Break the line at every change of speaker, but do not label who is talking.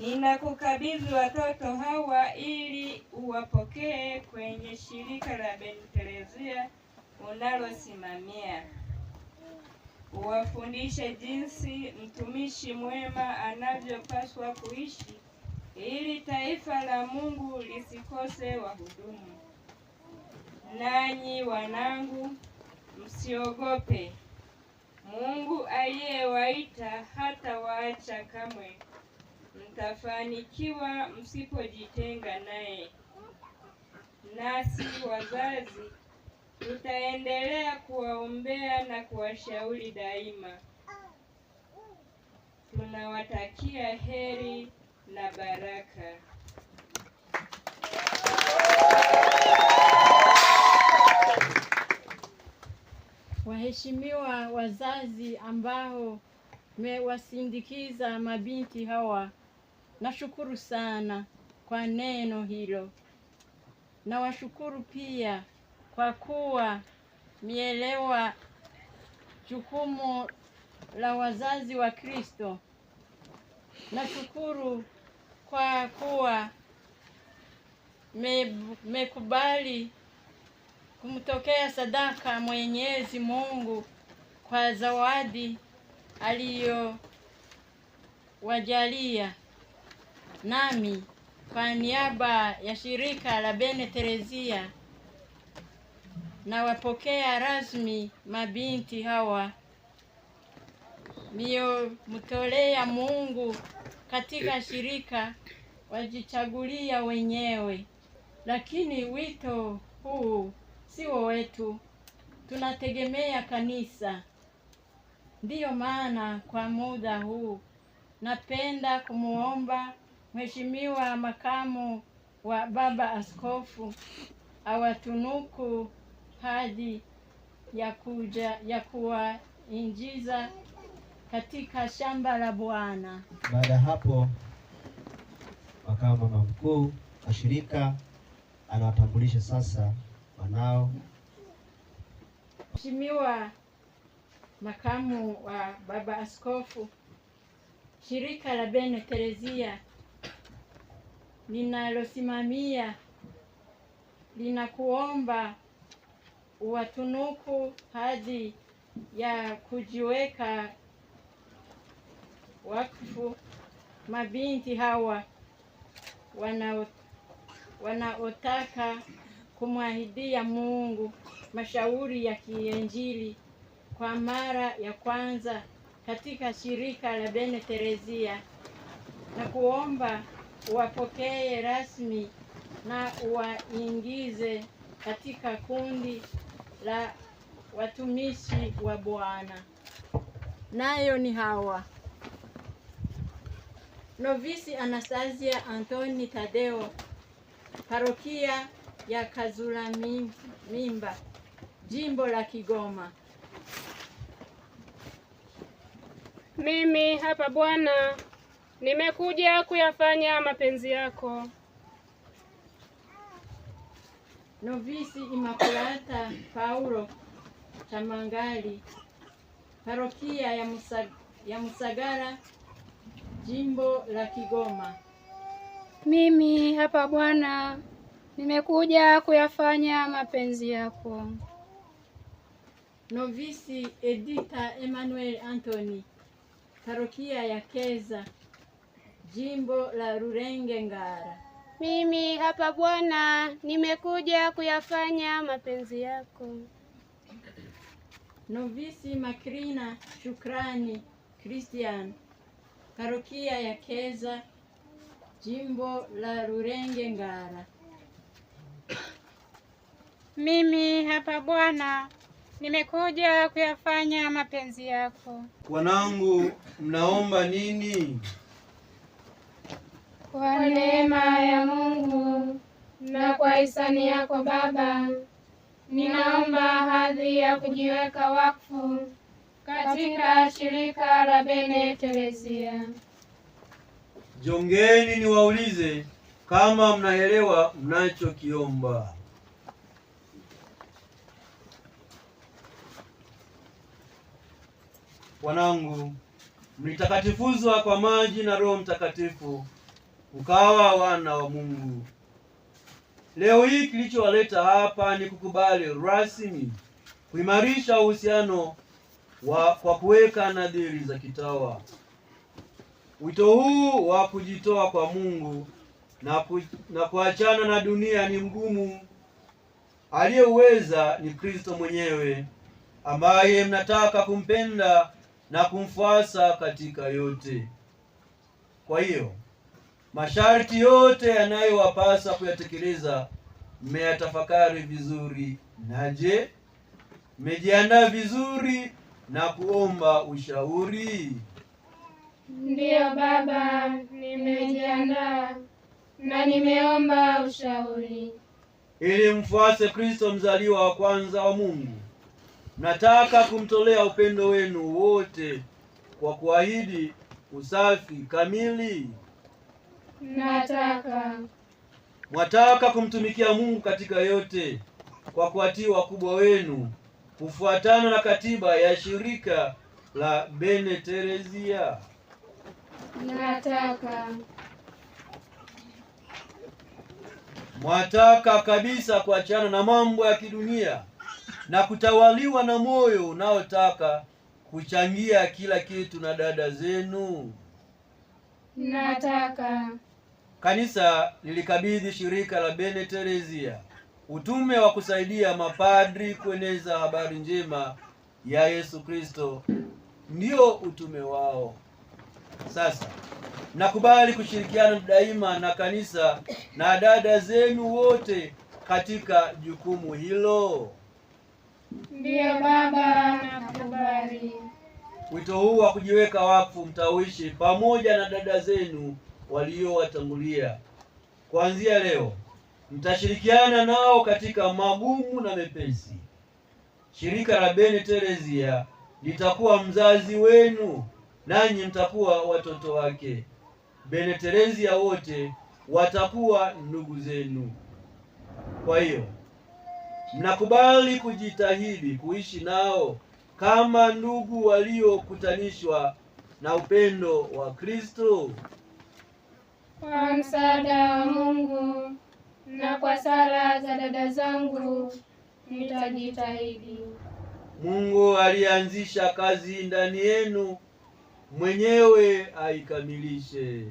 Ninakukabidhi watoto hawa ili uwapokee kwenye shirika la Ben Terezia unalosimamia. Uwafundishe jinsi mtumishi mwema anavyopaswa kuishi ili taifa la Mungu lisikose wahudumu. Nanyi wanangu, msiogope. Mungu aliyewaita hata waacha kamwe mtafanikiwa msipojitenga naye. Nasi wazazi tutaendelea kuwaombea na kuwashauri daima. Tunawatakia heri na baraka.
Waheshimiwa wazazi ambao mmewasindikiza mabinti hawa Nashukuru sana kwa neno hilo. Nawashukuru pia kwa kuwa mielewa jukumu la wazazi wa Kristo. Nashukuru kwa kuwa me kumtokea sadaka Mwenyezi Mungu kwa zawadi aliyowajalia nami kwa niaba ya shirika la Bene Terezia nawapokea rasmi mabinti hawa mtolea Mungu katika shirika wajichagulia wenyewe, lakini wito huu sio wetu, tunategemea kanisa. Ndiyo maana kwa muda huu napenda kumwomba Mheshimiwa makamu wa baba askofu awatunuku hadhi ya kuja ya kuwaingiza katika shamba la Bwana.
Baada ya hapo, makamu mama mkuu wa shirika anawatambulisha sasa wanao.
Mheshimiwa makamu wa baba askofu, shirika la Bene Terezia linalosimamia linakuomba uwatunuku hadhi ya kujiweka wakfu mabinti hawa wanaotaka wana kumwahidia Mungu mashauri ya kiinjili kwa mara ya kwanza katika shirika la Bene teresia na kuomba uwapokee rasmi na uwaingize katika kundi la watumishi wa Bwana. Nayo ni hawa: Novisi Anastasia Antoni Tadeo, parokia ya kazula Mimba, jimbo la Kigoma.
Mimi hapa Bwana Nimekuja kuyafanya mapenzi yako.
Novisi Imakulata Paulo Tamangali, parokia ya, Musag ya Musagara, jimbo la Kigoma.
Mimi hapa Bwana, nimekuja kuyafanya mapenzi yako.
Novisi Edita Emmanuel Anthony, parokia ya Keza jimbo la Rurenge Ngara.
Mimi hapa Bwana, nimekuja kuyafanya mapenzi yako.
Novisi Makrina Shukrani Christian, parokia ya Keza, jimbo la Rurenge Ngara.
Mimi hapa Bwana, nimekuja kuyafanya mapenzi yako.
Wanangu, mnaomba nini?
kwa neema ya Mungu na kwa hisani yako Baba, ninaomba hadhi ya kujiweka wakfu katika shirika la Bene Teresia.
Jongeni niwaulize kama mnaelewa mnachokiomba. Wanangu, mlitakatifuzwa kwa maji na Roho Mtakatifu ukawa wana wa Mungu. Leo hii kilichowaleta hapa ni kukubali rasmi kuimarisha uhusiano wa kwa kuweka nadhiri za kitawa. Wito huu wa kujitoa kwa Mungu na, ku, na kuachana na dunia ni mgumu. Aliyeuweza ni Kristo mwenyewe ambaye mnataka kumpenda na kumfuasa katika yote. Kwa hiyo Masharti yote yanayowapasa kuyatekeleza mmeyatafakari vizuri, na je, mmejiandaa vizuri na kuomba ushauri?
Ndiyo baba, nimejiandaa na nimeomba ushauri
ili mfuase Kristo mzaliwa wa kwanza wa Mungu. Nataka kumtolea upendo wenu wote kwa kuahidi usafi kamili
Nataka.
Mwataka kumtumikia Mungu katika yote kwa kuwatii wakubwa wenu kufuatana na katiba ya shirika la Bene Teresia.
Nataka.
Mwataka kabisa kuachana na mambo ya kidunia na kutawaliwa na moyo unaotaka kuchangia kila kitu na dada zenu.
Nataka
kanisa lilikabidhi shirika la Bene Teresia utume wa kusaidia mapadri kueneza habari njema ya Yesu Kristo, ndio utume wao. Sasa nakubali kushirikiana daima na kanisa na dada zenu wote katika jukumu hilo.
Ndiyo baba, nakubali.
Wito huu wa kujiweka wakfu mtauishi pamoja na dada zenu waliowatangulia. Kuanzia leo mtashirikiana nao katika magumu na mepesi. Shirika la Bene Terezia litakuwa mzazi wenu, nanyi mtakuwa watoto wake. Bene Terezia wote watakuwa ndugu zenu. Kwa hiyo mnakubali kujitahidi kuishi nao kama ndugu waliokutanishwa na upendo wa Kristo
kwa msaada wa Mungu na kwa sala za dada zangu nitajitahidi.
Mungu alianzisha kazi ndani yenu mwenyewe aikamilishe.